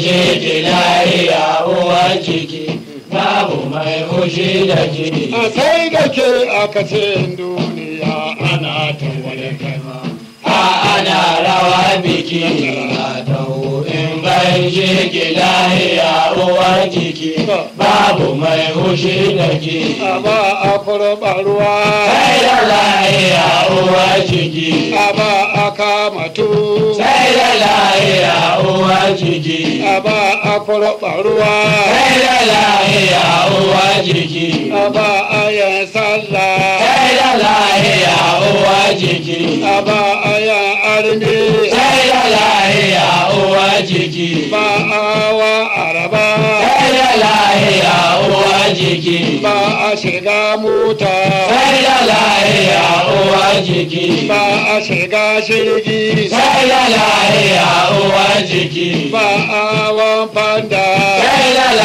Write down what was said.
ke ki lahiya uwar jiki babu mai fushi da ke a sai da ke aka ce duniya ana ta wani kama a ana rawa biki na ta in bai shi ki lahiya uwar jiki babu mai fushi da ke amma a kurba ruwa sai da lahiya uwar jiki amma a kama tu sai da lahiya uwa aba afro baruwa kai uwa jiki aba aya sallah kai uwa jiki aba aya armi kai da lahiya uwa jiki ba awa araba kai uwa jiki ba a shiga mota kai da uwa jiki ba a shiga shirgi kai da méje. Bá a wọ́n